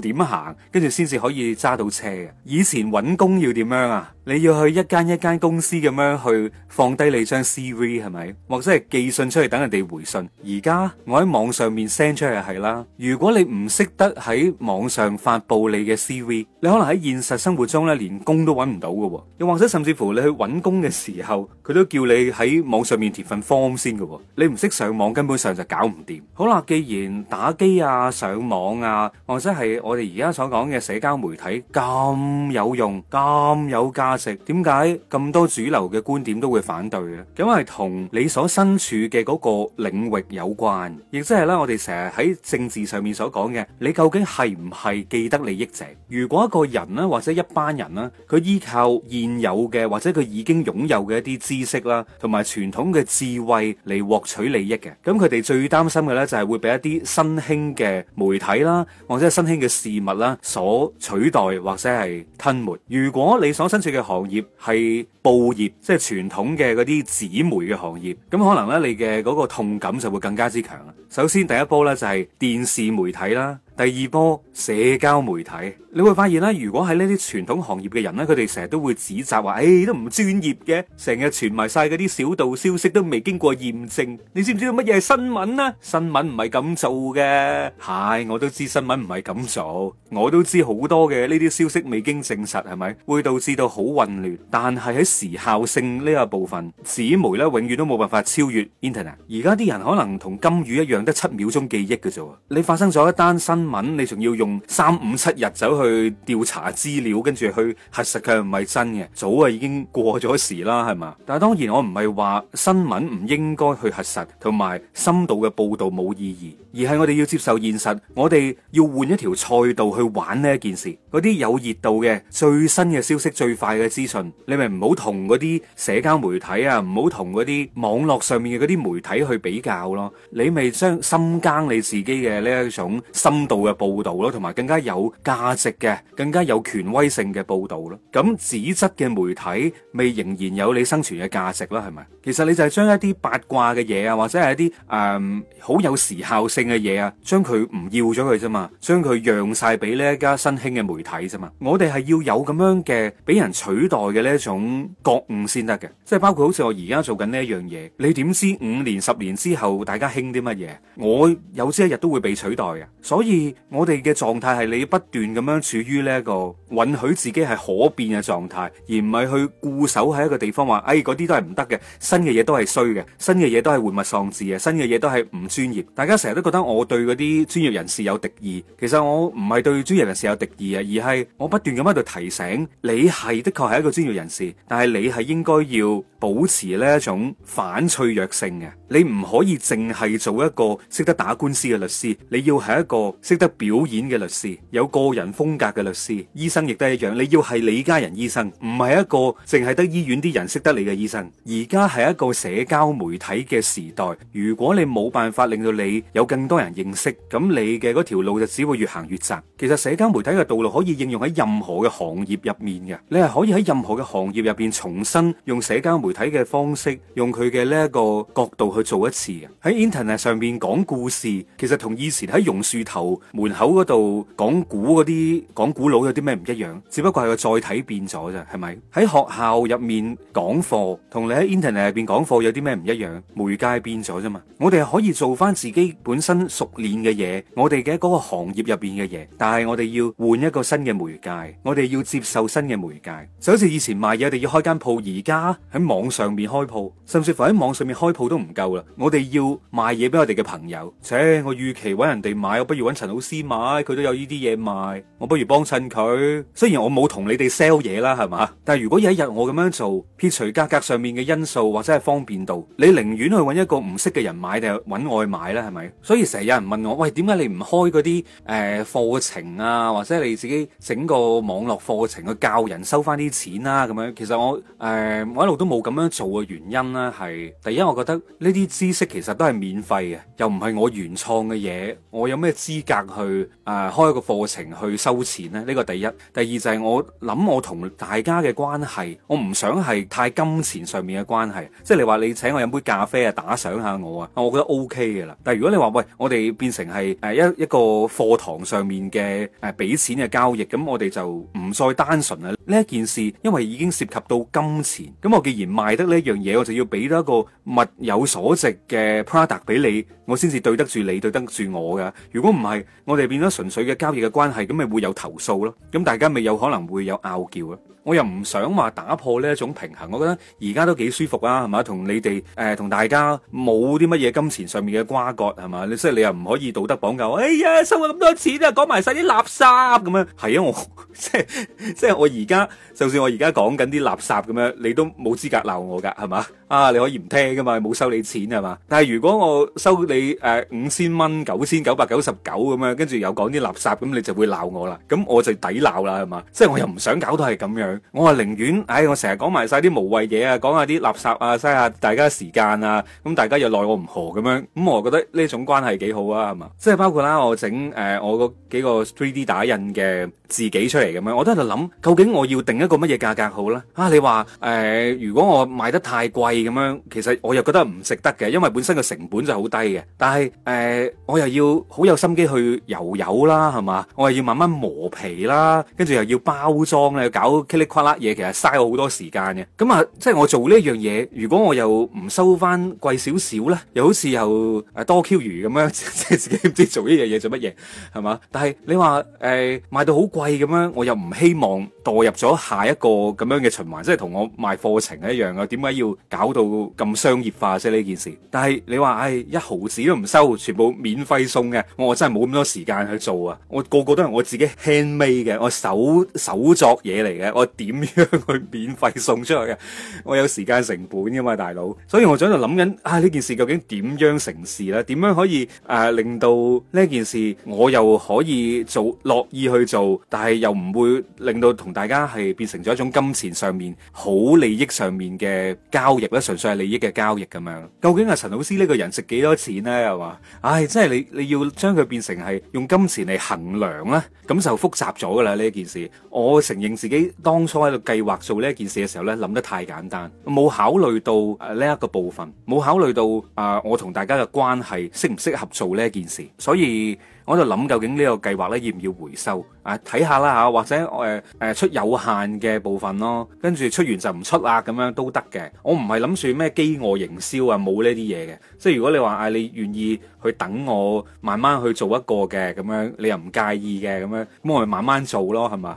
點行，跟住先至可以揸到車嘅。以前揾工要點樣啊？你要去一間一間公司咁樣去放低你張 CV 係咪？或者係寄信出去等人哋回信？而家我喺網上面 send 出去係啦。如果你唔識得喺網上發布你嘅 CV，你可能喺現實生活中咧連工都揾唔到嘅喎。又或者甚至乎你去揾工嘅時候，佢都叫你喺網上面填份 form 先嘅喎。你唔識上網，根本上就搞唔掂。好啦，既然打機啊、上網啊，或者係我哋而家所講嘅社交媒體咁有用、咁有價。點解咁多主流嘅觀點都會反對咧？因為同你所身處嘅嗰個領域有關，亦即係咧，我哋成日喺政治上面所講嘅，你究竟係唔係既得利益者？如果一個人呢，或者一班人呢，佢依靠現有嘅或者佢已經擁有嘅一啲知識啦，同埋傳統嘅智慧嚟獲取利益嘅，咁佢哋最擔心嘅呢，就係會俾一啲新興嘅媒體啦，或者新興嘅事物啦所取代或者係吞沒。如果你所身處嘅，行業係報業，即係傳統嘅嗰啲紙媒嘅行業，咁可能呢，你嘅嗰個痛感就會更加之強啦。首先第一波呢，就係電視媒體啦。第二波社交媒體，你會發現咧，如果係呢啲傳統行業嘅人咧，佢哋成日都會指責話：誒、哎、都唔專業嘅，成日傳埋晒嗰啲小道消息都未經過驗證。你知唔知道乜嘢係新聞咧？新聞唔係咁做嘅，係、哎、我都知新聞唔係咁做，我都知好多嘅呢啲消息未經證實，係咪會導致到好混亂？但係喺時效性呢個部分，紙媒咧永遠都冇辦法超越 Internet。而家啲人可能同金魚一樣，得七秒鐘記憶嘅啫。你發生咗一單新，聞你仲要用三五七日走去調查資料，跟住去核實佢唔係真嘅，早啊已經過咗時啦，係嘛？但係當然我唔係話新聞唔應該去核實，同埋深度嘅報道冇意義。而係我哋要接受現實，我哋要換一條賽道去玩呢一件事。嗰啲有熱度嘅、最新嘅消息、最快嘅資訊，你咪唔好同嗰啲社交媒體啊，唔好同嗰啲網絡上面嘅嗰啲媒體去比較咯。你咪將深耕你自己嘅呢一種深度嘅報道咯，同埋更加有價值嘅、更加有權威性嘅報道咯。咁紙質嘅媒體咪仍然有你生存嘅價值咯？係咪？其實你就係將一啲八卦嘅嘢啊，或者係一啲誒好有時效性。嘅嘢啊，將佢唔要咗佢啫嘛，將佢讓晒俾呢一家新興嘅媒體啫嘛。我哋係要有咁樣嘅俾人取代嘅呢一種覺悟先得嘅，即係包括好似我而家做緊呢一樣嘢，你點知五年十年之後大家興啲乜嘢？我有朝一日都會被取代㗎！所以我哋嘅狀態係你不斷咁樣處於呢一個允許自己係可變嘅狀態，而唔係去固守喺一個地方話：「哎，嗰啲都係唔得嘅，新嘅嘢都係衰嘅，新嘅嘢都係玩物喪志嘅，新嘅嘢都係唔專業。大家成日都覺得。我對嗰啲專業人士有敵意，其實我唔係對專業人士有敵意啊，而係我不斷咁喺度提醒你係的確係一個專業人士，但係你係應該要。保持呢一種反脆弱性嘅，你唔可以淨係做一個識得打官司嘅律師，你要係一個識得表演嘅律師，有個人風格嘅律師。醫生亦都一樣，你要係李家仁醫生，唔係一個淨係得醫院啲人識得你嘅醫生。而家係一個社交媒體嘅時代，如果你冇辦法令到你有更多人認識，咁你嘅嗰條路就只會越行越窄。其實社交媒體嘅道路可以應用喺任何嘅行業入面嘅，你係可以喺任何嘅行業入邊重新用社交媒體嘅方式，用佢嘅呢一個角度去做一次嘅，喺 internet 上面講故事，其實同以前喺榕樹頭門口嗰度講古嗰啲講古佬有啲咩唔一樣？只不過係個載體變咗啫，係咪？喺學校入面講課，同你喺 internet 入邊講課有啲咩唔一樣？媒介變咗啫嘛，我哋可以做翻自己本身熟練嘅嘢，我哋嘅嗰個行業入邊嘅嘢，但係我哋要換一個新嘅媒介，我哋要接受新嘅媒介，就好似以前賣嘢，我哋要開間鋪，而家喺網。網上面開鋪，甚至乎喺網上面開鋪都唔夠啦。我哋要賣嘢俾我哋嘅朋友。且我預期揾人哋買，我不如揾陳老 C 買，佢都有呢啲嘢賣，我不如幫襯佢。雖然我冇同你哋 sell 嘢啦，係嘛？但係如果有一日我咁樣做，撇除價格上面嘅因素或者係方便度，你寧願去揾一個唔識嘅人買定係揾我去買呢？係咪？所以成日有人問我，「喂，點解你唔開嗰啲誒課程啊？或者你自己整個網絡課程去教人，收翻啲錢啊？」咁樣，其實我誒、呃，我一路都冇。咁樣做嘅原因呢，係第一，我覺得呢啲知識其實都係免費嘅，又唔係我原創嘅嘢，我有咩資格去誒、呃、開一個課程去收錢呢？呢、呢個第一，第二就係、係、我諗我同大家嘅關係，我唔想係太金錢上面嘅關係。即係你話你請我飲杯咖啡啊，打賞下我啊，我覺得 O K 嘅啦。但係如果你話喂，我哋變成係誒一一個課堂上面嘅誒俾錢嘅交易，咁我哋就唔再單純啦。呢一件事因為已經涉及到金錢，咁我既然……賣得呢一樣嘢，我就要俾多一個物有所值嘅 product 俾你，我先至對得住你，對得住我噶。如果唔係，我哋變咗純粹嘅交易嘅關係，咁咪會有投訴咯。咁大家咪有可能會有拗撬咯。我又唔想話打破呢一種平衡，我覺得而家都幾舒服啊，係咪？同你哋誒，同、呃、大家冇啲乜嘢金錢上面嘅瓜葛，係嘛？即係你又唔可以道德綁架。哎呀，收咗咁多錢啊，講埋晒啲垃圾咁樣，係啊，我即係即係我而家，就算我而家講緊啲垃圾咁樣，你都冇資格。鬧我噶，係嘛？啊你可以唔聽噶嘛，冇收你錢，係嘛？但係如果我收你誒、呃、五千蚊，九千九百九十九咁樣，跟住又講啲垃圾咁、嗯、你就會鬧我啦咁，嗯、我就抵鬧啦，係嘛。即係我又唔想搞到係咁樣，我話寧願唉、哎、我成日講埋晒啲無謂嘢啊，講下啲垃圾啊，嘥下大家時間啊咁，嗯、大家又奈我唔何咁樣，咁我覺得呢種關係幾好啊，係嘛？即係包括啦，我整誒、呃、我嗰幾個 3D 打印嘅自己出嚟咁樣，我都喺度諗究竟我要定一個乜嘢價格好呢？啊你話誒、呃、如果我我賣得太貴咁樣，其實我又覺得唔值得嘅，因為本身個成本就好低嘅。但係誒、呃，我又要好有心機去油油啦，係嘛，我又要慢慢磨皮啦，跟住又要包裝咧，要搞嘰哩呱啦嘢，其實嘥我好多時間嘅。咁啊，即係我做呢樣嘢，如果我又唔收翻貴少少咧，又好似又、呃、多 Q 餘咁樣，即 係自己唔知做呢樣嘢做乜嘢，係嘛？但係你話誒、呃、賣到好貴咁樣，我又唔希望墮入咗下一個咁樣嘅循環，即係同我賣課程一樣。點解要搞到咁商業化啫？呢件事，但係你話唉、哎，一毫紙都唔收，全部免費送嘅，我真係冇咁多時間去做啊！我個個都係我自己 hand made 嘅，我手手作嘢嚟嘅，我點樣去免費送出去嘅？我有時間成本噶嘛，大佬。所以我就喺度諗緊，啊、哎、呢件事究竟點樣成事咧？點樣可以誒、呃、令到呢件事我又可以做樂意去做，但係又唔會令到同大家係變成咗一種金錢上面、好利益上面。嘅交易咧，純粹係利益嘅交易咁樣。究竟阿陳老師呢個人值幾多錢呢？又話，唉、哎，真係你你要將佢變成係用金錢嚟衡量啦，咁就複雜咗啦呢件事。我承認自己當初喺度計劃做呢件事嘅時候呢，諗得太簡單，冇考慮到呢一、呃這個部分，冇考慮到啊、呃，我同大家嘅關係適唔適合做呢件事，所以。我就諗究竟呢個計劃咧要唔要回收啊？睇下啦吓，或者誒誒、呃、出有限嘅部分咯，跟住出完就唔出啦，咁樣都得嘅。我唔係諗住咩飢餓營銷啊，冇呢啲嘢嘅。即係如果你話啊，你願意去等我慢慢去做一個嘅，咁樣你又唔介意嘅咁樣，咁我咪慢慢做咯，係嘛？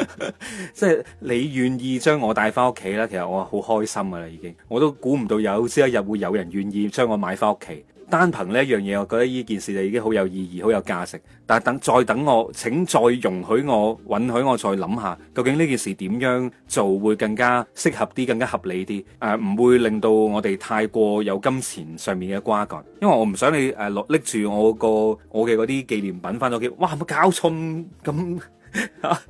即係你願意將我帶翻屋企啦，其實我好開心噶啦，已經我都估唔到有朝一日會有人願意將我買翻屋企。單憑呢一樣嘢，我覺得呢件事就已經好有意義、好有價值。但係等再等我，請再容許我、允許我再諗下，究竟呢件事點樣做會更加適合啲、更加合理啲？誒，唔會令到我哋太過有金錢上面嘅瓜葛，因為我唔想你誒攞拎住我個我嘅嗰啲紀念品翻到屋企，哇！咪搞錯，咁嚇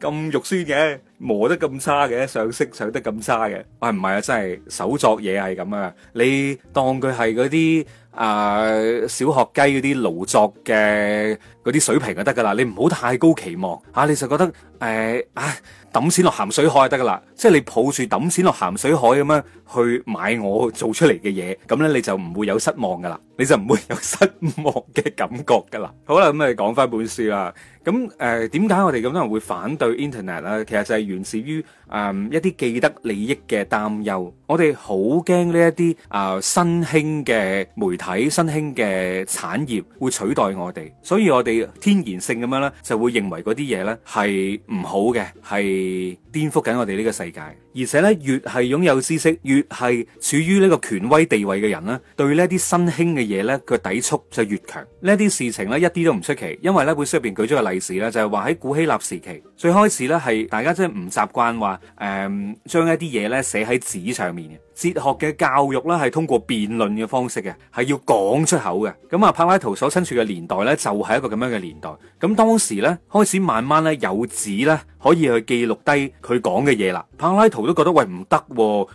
咁肉酸嘅，磨得咁差嘅，上色上得咁差嘅，喂，唔係啊，真係手作嘢係咁啊！你當佢係嗰啲。啊！Uh，小學雞嗰啲勞作嘅嗰啲水平就得噶啦，你唔好太高期望嚇、啊，你就覺得誒、呃、啊抌錢落鹹水海就得噶啦，即係你抱住抌錢落鹹水海咁樣去買我做出嚟嘅嘢，咁咧你就唔會有失望噶啦，你就唔會有失望嘅感覺噶啦。好啦，咁啊講返本書啦。咁誒點解我哋咁多人會反對 Internet 咧？其實就係源自於誒、呃、一啲既得利益嘅擔憂，我哋好驚呢一啲啊新興嘅媒。睇新興嘅產業會取代我哋，所以我哋天然性咁樣呢，就會認為嗰啲嘢呢係唔好嘅，係顛覆緊我哋呢個世界。而且咧，越係擁有知識越係處於呢個權威地位嘅人咧，對呢啲新興嘅嘢咧，佢抵觸就越強。呢啲事情咧，一啲都唔出奇。因為咧，本書入邊舉咗個例子咧，就係話喺古希臘時期，最開始咧係大家真係唔習慣話誒將一啲嘢咧寫喺紙上面嘅。哲學嘅教育咧係通過辯論嘅方式嘅，係要講出口嘅。咁啊，柏拉圖所身處嘅年代咧就係一個咁樣嘅年代。咁當時咧開始慢慢咧有紙咧可以去記錄低佢講嘅嘢啦。柏拉圖都覺得喂唔得，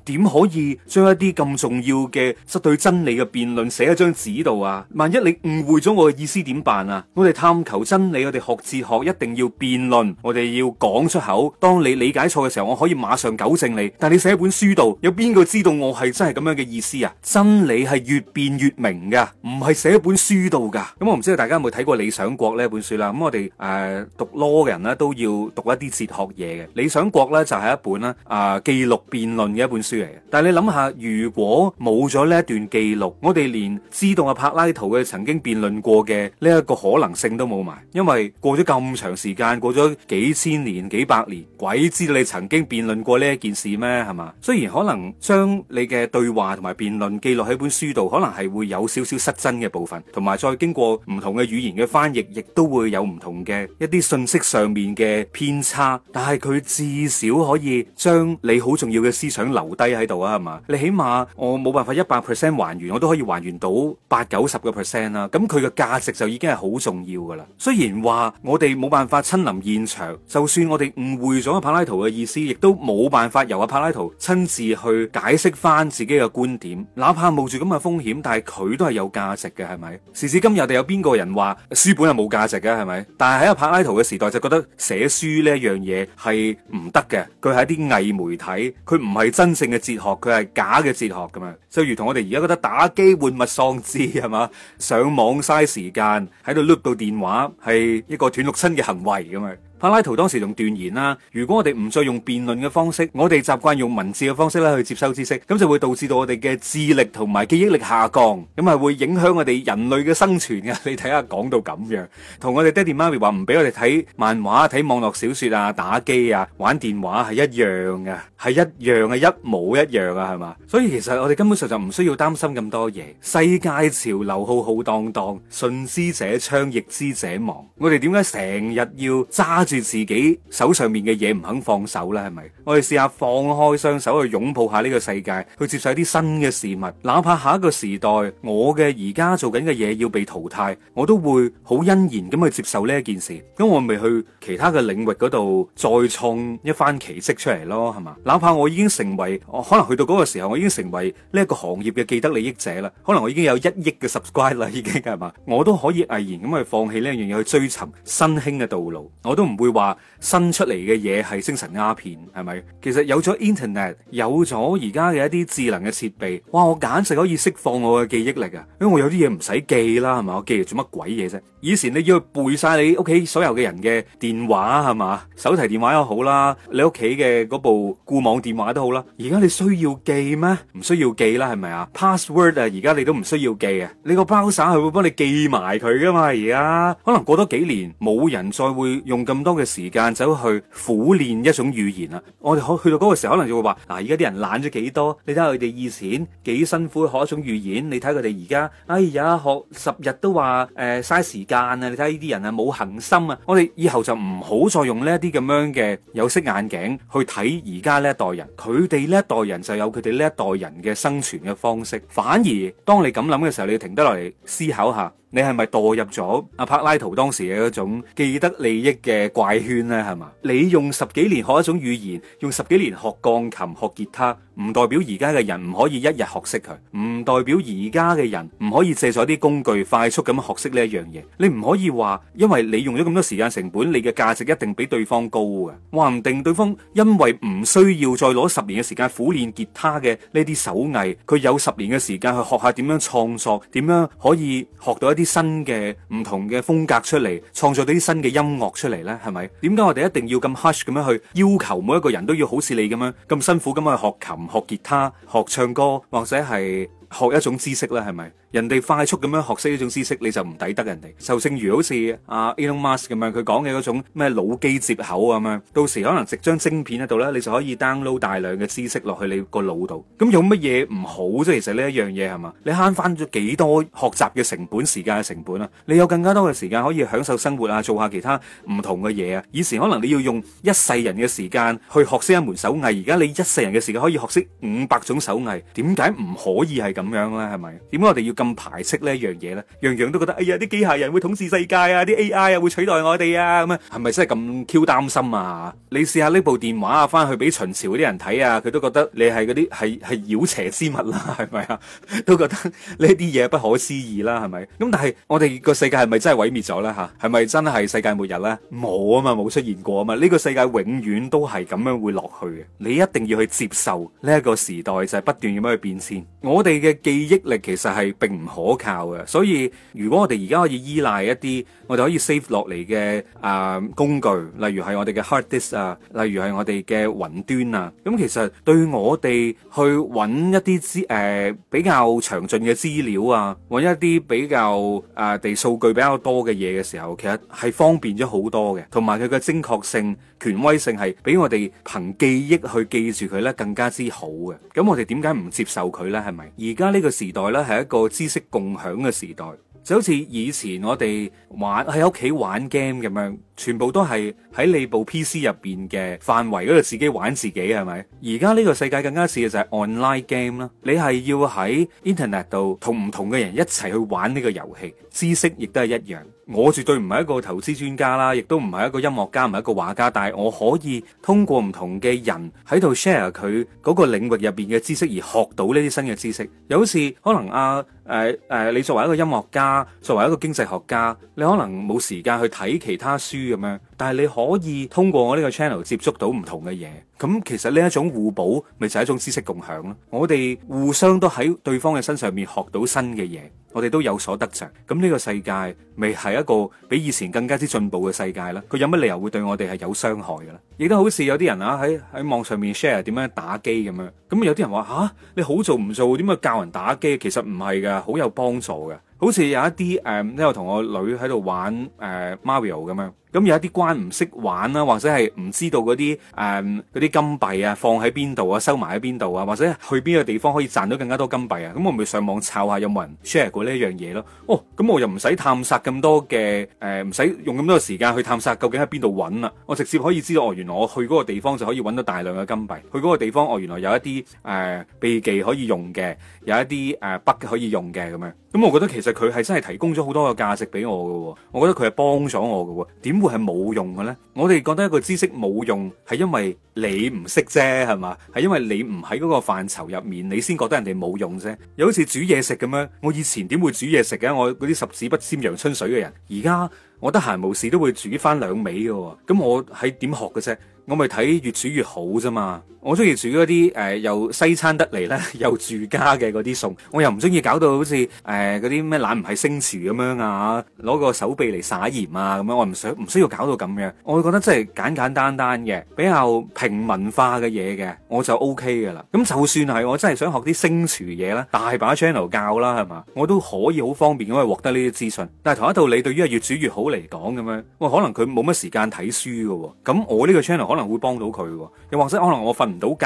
點、哦、可以將一啲咁重要嘅相對真理嘅辯論寫喺張紙度啊？萬一你誤會咗我嘅意思點辦啊？我哋探求真理，我哋學哲學一定要辯論，我哋要講出口。當你理解錯嘅時候，我可以馬上糾正你。但係你寫一本書度，有邊個知道我係真係咁樣嘅意思啊？真理係越辯越明噶，唔係寫一本書度噶。咁、嗯、我唔知道大家有冇睇過《理想國》呢本書啦？咁、嗯、我哋誒、呃、讀 law 嘅人咧都要讀一啲哲學嘢嘅，《理想國》呢咧就係、是、一本啦啊！呃記錄辯論嘅一本書嚟嘅，但係你諗下，如果冇咗呢一段記錄，我哋連知道阿柏拉圖嘅曾經辯論過嘅呢一個可能性都冇埋，因為過咗咁長時間，過咗幾千年，幾百年，鬼知道你曾經辯論過呢一件事咩？係嘛？雖然可能將你嘅對話同埋辯論記錄喺本書度，可能係會有少少失真嘅部分，同埋再經過唔同嘅語言嘅翻譯，亦都會有唔同嘅一啲信息上面嘅偏差，但係佢至少可以將你好重要嘅思想留低喺度啊，係嘛？你起碼我冇辦法一百 percent 還原，我都可以還原到八九十個 percent 啦。咁佢嘅價值就已經係好重要噶啦。雖然話我哋冇辦法親臨現場，就算我哋誤會咗柏拉圖嘅意思，亦都冇辦法由阿柏拉圖親自去解釋翻自己嘅觀點，哪怕冒住咁嘅風險，但係佢都係有價值嘅，係咪？時至今日我，我哋有邊個人話書本係冇價值嘅，係咪？但係喺阿柏拉圖嘅時代就覺得寫書呢一樣嘢係唔得嘅，佢係一啲藝媒。睇佢唔係真正嘅哲學，佢係假嘅哲學咁樣，就如同我哋而家覺得打機換物喪志係嘛？上網嘥時間喺度碌到電話係一個斷六親嘅行為咁樣。柏拉圖當時仲斷言啦，如果我哋唔再用辯論嘅方式，我哋習慣用文字嘅方式咧去接收知識，咁就會導致到我哋嘅智力同埋記憶力下降，咁係會影響我哋人類嘅生存嘅。你睇下講到咁樣，同我哋爹地媽咪話唔俾我哋睇漫畫、睇網絡小說啊、打機啊、玩電話係一樣嘅，係一樣嘅，一模一樣啊，係嘛？所以其實我哋根本上就唔需要擔心咁多嘢。世界潮流浩浩蕩蕩，順之者昌，逆之者亡。我哋點解成日要揸住自己手上面嘅嘢唔肯放手啦，係咪？我哋試下放開雙手去擁抱下呢個世界，去接受一啲新嘅事物。哪怕下一個時代，我嘅而家做緊嘅嘢要被淘汰，我都會好欣然咁去接受呢一件事。咁我咪去其他嘅領域嗰度再創一番奇跡出嚟咯，係嘛？哪怕我已經成為，我可能去到嗰個時候，我已經成為呢一個行業嘅既得利益者啦。可能我已經有一億嘅 subscribe 啦，已經係嘛？我都可以毅然咁去放棄呢樣嘢，去追尋新興嘅道路。我都唔會。會話新出嚟嘅嘢係精神鴉片，係咪？其實有咗 Internet，有咗而家嘅一啲智能嘅設備，哇！我簡直可以釋放我嘅記憶力啊！因為我有啲嘢唔使記啦，係嘛？我記住做乜鬼嘢啫？以前你要去背晒你屋企所有嘅人嘅電話，係嘛？手提電話又好啦，你屋企嘅嗰部固網電話都好啦。而家你需要記咩？唔需要記啦，係咪啊？password 啊，而家你都唔需要記啊！你個 browser 係會幫你記埋佢噶嘛？而家可能過多幾年，冇人再會用咁。多嘅時間走去苦練一種語言啊！我哋可去到嗰個時候，可能就會話：嗱，而家啲人懶咗幾多？你睇下佢哋以前幾辛苦學一種語言，你睇佢哋而家，哎呀，學十日都話誒嘥時間啊！你睇呢啲人啊，冇恒心啊！我哋以後就唔好再用呢一啲咁樣嘅有色眼鏡去睇而家呢一代人，佢哋呢一代人就有佢哋呢一代人嘅生存嘅方式。反而當你咁諗嘅時候，你要停得落嚟思考下。你係咪墮入咗阿柏拉圖當時嘅一種既得利益嘅怪圈呢？係嘛？你用十幾年學一種語言，用十幾年學鋼琴、學吉他，唔代表而家嘅人唔可以一日學識佢，唔代表而家嘅人唔可以借助啲工具快速咁學識呢一樣嘢。你唔可以話，因為你用咗咁多時間成本，你嘅價值一定比對方高嘅。話唔定對方因為唔需要再攞十年嘅時間苦練吉他嘅呢啲手藝，佢有十年嘅時間去學下點樣創作，點樣可以學到一啲，啲新嘅唔同嘅風格出嚟，創作到啲新嘅音樂出嚟呢，係咪？點解我哋一定要咁 harsh 咁樣去要求每一個人都要好似你咁樣咁辛苦咁去學琴、學吉他、學唱歌，或者係學一種知識呢，係咪？人哋快速咁樣學識呢種知識，你就唔抵得人哋。就正如好似阿 Elon Musk 咁樣，佢講嘅嗰種咩腦機接口啊咁樣，到時可能植張晶片喺度呢，你就可以 download 大量嘅知識落去你個腦度。咁有乜嘢唔好啫？其實呢一樣嘢係嘛？你慳翻咗幾多學習嘅成本、時間嘅成本啊？你有更加多嘅時間可以享受生活啊，做下其他唔同嘅嘢啊！以前可能你要用一世人嘅時間去學識一門手藝，而家你一世人嘅時間可以學識五百種手藝，點解唔可以係咁樣呢？係咪？點解我哋要咁？咁排斥呢一樣嘢咧，樣樣都覺得哎呀，啲機械人會統治世界啊，啲 AI 啊會取代我哋啊，咁啊，係咪真係咁 Q 擔心啊？你試下呢部電話啊，翻去俾秦朝嗰啲人睇啊，佢都覺得你係嗰啲係係妖邪之物啦，係咪啊？都覺得呢啲嘢不可思議啦，係咪？咁但係我哋個世界係咪真係毀滅咗咧？吓，係咪真係世界末日咧？冇啊嘛，冇出現過啊嘛，呢個世界永遠都係咁樣會落去嘅。你一定要去接受呢一個時代就係不斷咁樣去變遷。我哋嘅記憶力其實係並唔可靠嘅，所以如果我哋而家可以依賴一啲我哋可以 save 落嚟嘅啊、呃、工具，例如係我哋嘅 hard disk 啊，例如係我哋嘅雲端啊，咁其實對我哋去揾一啲資誒比較詳盡嘅資料啊，揾一啲比較誒嘅、呃、數據比較多嘅嘢嘅時候，其實係方便咗好多嘅，同埋佢嘅精確性。權威性係比我哋憑記憶去記住佢咧，更加之好嘅，咁我哋點解唔接受佢呢？係咪？而家呢個時代呢係一個知識共享嘅時代，就好似以前我哋玩喺屋企玩 game 咁樣，全部都係喺你部 PC 入邊嘅範圍嗰度自己玩自己，係咪？而家呢個世界更加似嘅就係 online game 啦，你係要喺 internet 度同唔同嘅人一齊去玩呢個遊戲，知識亦都係一樣。我絕對唔係一個投資專家啦，亦都唔係一個音樂家，唔係一個畫家，但係我可以通過唔同嘅人喺度 share 佢嗰個領域入邊嘅知識，而學到呢啲新嘅知識。有好似可能阿誒誒，你作為一個音樂家，作為一個經濟學家，你可能冇時間去睇其他書咁樣，但係你可以通過我呢個 channel 接觸到唔同嘅嘢。咁其實呢一種互補，咪就係、是、一種知識共享咯。我哋互相都喺對方嘅身上面學到新嘅嘢，我哋都有所得着。咁呢個世界，咪係一個比以前更加之進步嘅世界啦。佢有乜理由會對我哋係有傷害嘅咧？亦都好似有啲人啊喺喺網上面 share 點樣打機咁樣，咁有啲人話吓、啊、你好做唔做？點解教人打機？其實唔係噶，好有幫助嘅。好似有一啲誒，因為同我女喺度玩誒、呃、Mario 咁樣，咁有一啲關唔識玩啦，或者係唔知道嗰啲誒啲金幣啊放喺邊度啊，收埋喺邊度啊，或者去邊個地方可以賺到更加多金幣啊？咁我咪上網抄下有冇人 share 過呢一樣嘢咯。哦，咁我又唔使探索咁多嘅誒，呃、唔使用咁多時間去探索究竟喺邊度揾啊？我直接可以知道哦，原來我去嗰個地方就可以揾到大量嘅金幣，去嗰個地方哦，原來有一啲誒、呃、秘技可以用嘅，有一啲誒、呃、北可以用嘅咁樣。咁、嗯、我覺得其實佢係真係提供咗好多個價值俾我㗎喎，我覺得佢係幫咗我㗎喎，點會係冇用嘅呢？我哋覺得一個知識冇用係因為你唔識啫，係嘛？係因為你唔喺嗰個範疇入面，你先覺得人哋冇用啫。又好似煮嘢食咁樣，我以前點會煮嘢食嘅？我嗰啲十指不沾陽春水嘅人，而家。我得閒無事都會煮翻兩味嘅喎，咁我係點學嘅啫？我咪睇越煮越好啫嘛！我中意煮嗰啲誒又西餐得嚟咧，又住家嘅嗰啲餸，我又唔中意搞到好似誒嗰啲咩懶唔係星廚咁樣啊，攞個手臂嚟灑鹽啊咁樣，我唔想唔需要搞到咁樣，我覺得真係簡簡單單嘅比較平民化嘅嘢嘅，我就 O K 嘅啦。咁就算係我真係想學啲星廚嘢啦，大把 channel 教啦，係嘛，我都可以好方便咁去獲得呢啲資訊。但係同一道理對於係越煮越好嚟講咁樣，喎，可能佢冇乜時間睇書噶，咁我呢個 channel 可能會幫到佢，又或者可能我瞓唔到覺，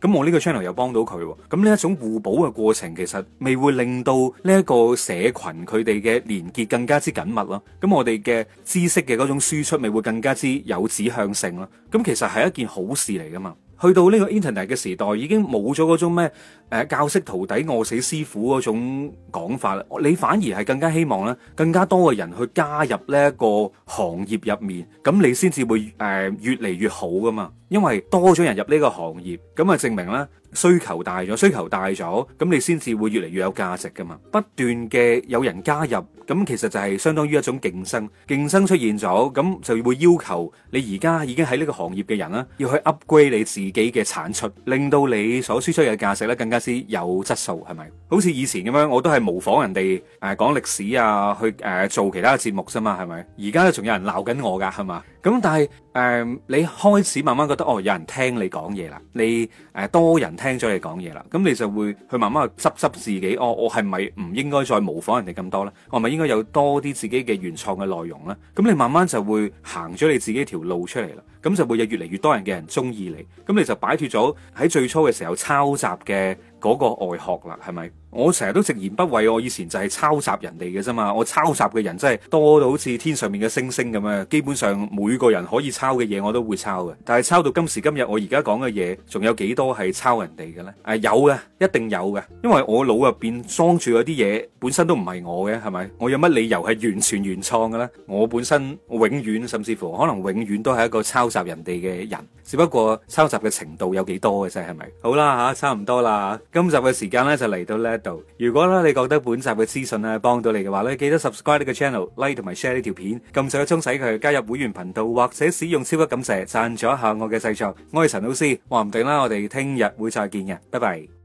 咁我呢個 channel 又幫到佢，咁呢一種互補嘅過程，其實未會令到呢一個社群佢哋嘅連結更加之緊密咯。咁我哋嘅知識嘅嗰種輸出，咪會更加之有指向性咯。咁其實係一件好事嚟噶嘛。去到呢個 internet 嘅時代，已經冇咗嗰種咩誒、呃、教識徒弟餓死師傅嗰種講法啦。你反而係更加希望咧，更加多嘅人去加入呢一個行業入面，咁你先至會誒越嚟、呃、越越好㗎嘛。因為多咗人入呢個行業，咁啊證明啦。需求大咗，需求大咗，咁你先至會越嚟越有價值噶嘛。不斷嘅有人加入，咁其實就係相當於一種競爭，競爭出現咗，咁就會要求你而家已經喺呢個行業嘅人啦，要去 upgrade 你自己嘅產出，令到你所輸出嘅價值咧更加之有質素，係咪？好似以前咁樣，我都係模仿人哋誒、呃、講歷史啊，去誒、呃、做其他節目啫嘛，係咪？而家仲有人鬧緊我噶，係嘛？咁但係。誒，um, 你開始慢慢覺得哦，有人聽你講嘢啦，你誒、呃、多人聽咗你講嘢啦，咁你就會去慢慢去執執自己，哦，我係咪唔應該再模仿人哋咁多呢？我係咪應該有多啲自己嘅原創嘅內容呢？咁你慢慢就會行咗你自己條路出嚟啦，咁就會有越嚟越多人嘅人中意你，咁你就擺脫咗喺最初嘅時候抄襲嘅嗰個外殼啦，係咪？我成日都直言不諱，我以前就係抄襲人哋嘅啫嘛。我抄襲嘅人真係多到好似天上面嘅星星咁啊！基本上每個人可以抄嘅嘢，我都會抄嘅。但係抄到今時今日我，我而家講嘅嘢，仲有幾多係抄人哋嘅呢？誒、啊，有嘅，一定有嘅。因為我腦入邊裝住嗰啲嘢，本身都唔係我嘅，係咪？我有乜理由係完全原創嘅呢？我本身永遠，甚至乎可能永遠都係一個抄襲人哋嘅人，只不過抄襲嘅程度有幾多嘅啫，係咪？好啦吓，差唔多啦，今集嘅時間呢，就嚟到呢。如果咧你覺得本集嘅資訊咧幫到你嘅話咧，記得 subscribe 呢個 channel、like 同埋 share 呢條片，撳上去鐘洗佢加入會員頻道，或者使用超級感謝贊助一下我嘅製作。我係陳老 C，話唔定啦，我哋聽日會再見嘅，拜拜。